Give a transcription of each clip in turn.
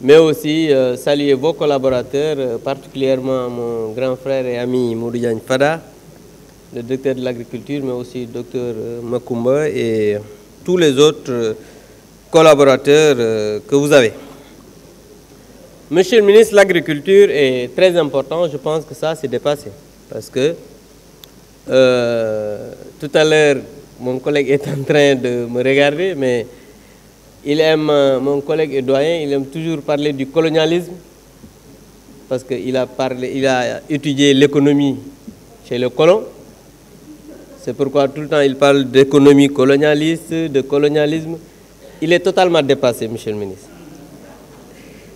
mais aussi euh, saluer vos collaborateurs, euh, particulièrement mon grand frère et ami Mouridiane Fada, le docteur de l'agriculture, mais aussi le docteur euh, Makumba et tous les autres euh, collaborateurs euh, que vous avez. Monsieur le ministre, l'agriculture est très important, je pense que ça s'est dépassé, parce que euh, tout à l'heure, mon collègue est en train de me regarder, Il aime, euh, mon collègue et doyen, il aime toujours parler du colonialisme parce que il a, parlé, il a étudié l'économie chez le colon. C'est pourquoi tout le temps il parle d'économie colonialiste, de colonialisme. Il est totalement dépassé, monsieur le ministre.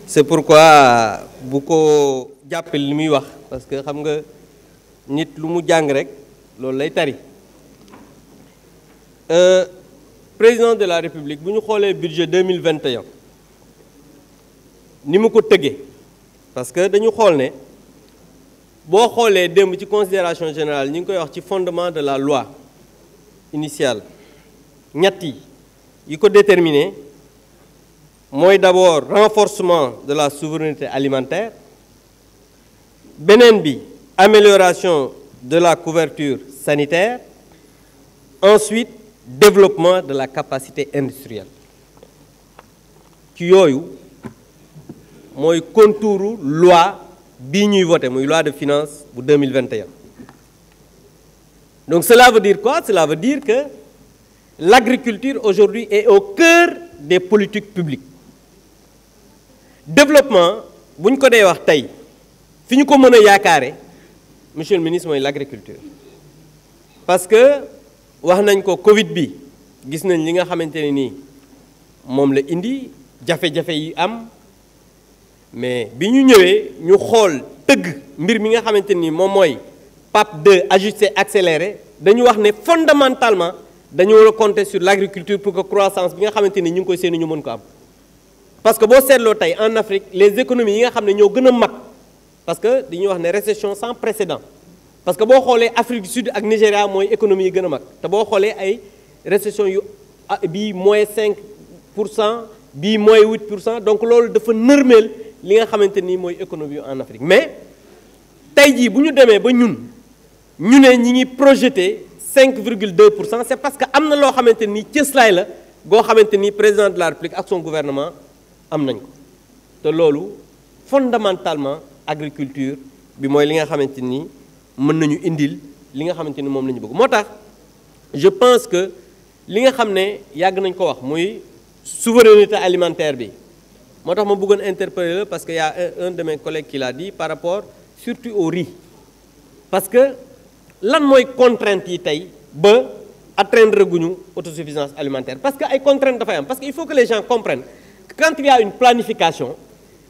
C'est pourquoi bu ko jàppale li muy wax parce que xam nga nit lu mu jàng rek loolu lay tari. Euh, président de la république bu ñu xoolee budget 2021 ni mu ko tëggee parce que dañu xool ne boo xoolee démb ci considération général ñu ngi koy wax ci fondement de la loi initiale ñett yi ko déterminer mooy d'abord renforcement de la souveraineté alimentaire beneen bi amélioration de la couverture sanitaire ensuite développement de la capacité industrielle ci yooyu mooy contouru loi bii ñuy voté muy loi de finances bu 2021 donc cela veut dire quoi cela veut dire que l'agriculture aujourd'hui est au cœur des politiques publiques développement bu ñu ko dee wax tey fi ñu ko mën a yaakaare monsieur le ministre mooy l'agriculture parce que wax nañ ko Covid bi gis nañ li nga xamante ne nii moom la indi jafe-jafe yi am mais bi ñu ñëwee ñu xool tëgg mbir mi nga xamante ni moom mooy PAP 2 ajusté accéléré dañu wax ne fondamentalement dañu war a compter sur l' pour que croissance bi nga xamante ni ñu ngi koy séenu ñu mën ko am. parce que boo seetloo tey en Afrique les économies yi nga xam ne ñoo gën a mag parce que dañuy wax ne récession sans précédent parce que boo xoolee Afrique du Sud ak Nigéria mooy économie yi gën a mag te boo xoolee ay récession yu bii mooy 5 pour cent bii mooy 8 pour cent donc loolu dafa nërmeel li nga xamante ni mooy économie yu en Afrique mais tey jii bu ñu demee ba ñun ñu ne ñi ngi projette 5 virgule 2 pour cent c' parce que am na loo xamante ni cëslaay la goo xamante ni président de la République ak son gouvernement am nañ ko te loolu fondamentalement agriculture bi mooy li nga xamante ni. mën nañu indil li nga xamante ni moom la ñu bëgg moo tax je pense que li nga xam ne yàgg nañ ko wax muy souveraineté alimentaire bi moo tax ma bëggoon interpeller la parce que y un de mes collègues qui l'a par rapport surtout au riz parce que lan mooy contrainte yi tey ba atteindre guñu autosuffisance alimentaire parce que ay contraintes dafay am parce que il faut que les gens comprennent que quand une planification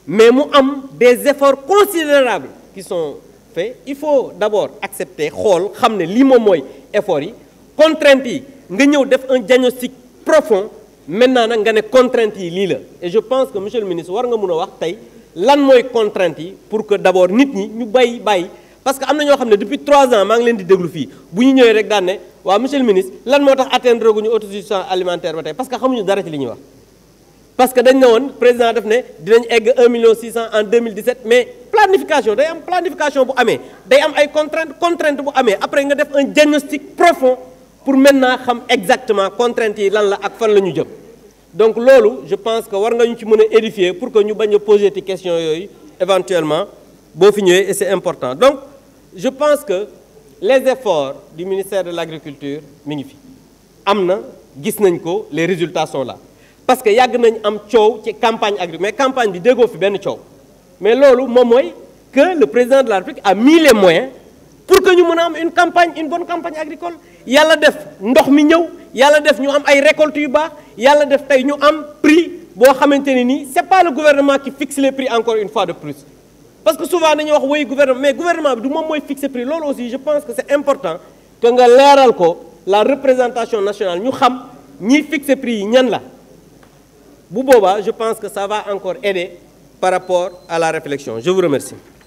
mais mu am des efforts considérables qui sont fait il faut d'abord accepter xool xam ne lii moom mooy effort yi contrainte yi nga ñëw def un diagnostic profond maintenant nag nga ne contrainte yi lii la et je pense que monsieur ministre war nga mun a wax tey lan mooy contrainte yi pour que d'abord nit ñi ñu bàyyi bàyyi parce que am na ñoo xam ne depuis trois ans maa ngi leen di déglu fii bu ñu ñëwee rek daan ne waaw monsieur le ministre lan moo tax atteindre guñu autosuffisance alimentaire ba tey parce que xamuñu planification day am planification bu amee day am ay contrainte contrainte bu amee après nga def un diagnostic profond pour maintenant xam exactement contrainte yi lan la ak fan la ñu jëm donc loolu je pense que war nga ñu ci mën a édifier pour que ñu bañ a poser ci question yooyu éventuellement boo fi ñëwee et c'est important donc je pense que les efforts du ministère de l'agriculture mi ngi fi am na gis nañ ko les résultats sont là parce que yàgg nañ am coow ci campagne agri mais campagne bi déggoo fi benn coow mais loolu moom mooy que le président de la République a mis les moyens pour que ñu mën a am une campagne une bonne campagne agricole yàlla def ndox mi ñëw yàlla def ñu am ay récoltes yu baax yàlla def tey ñu am prix boo xamante ni nii c'est pas le gouvernement qui fixe le prix encore une fois de plus parce que souvent dañuy wax woy gouvernement mais gouvernement bi du moom mooy fixer prix loolu aussi je pense que c'est important que nga leeral ko la représentation nationale ñu xam ñiy fixer prix yi ñan la bu boobaa je pense que ça encore par rapport à la réflexion. Je vous remercie.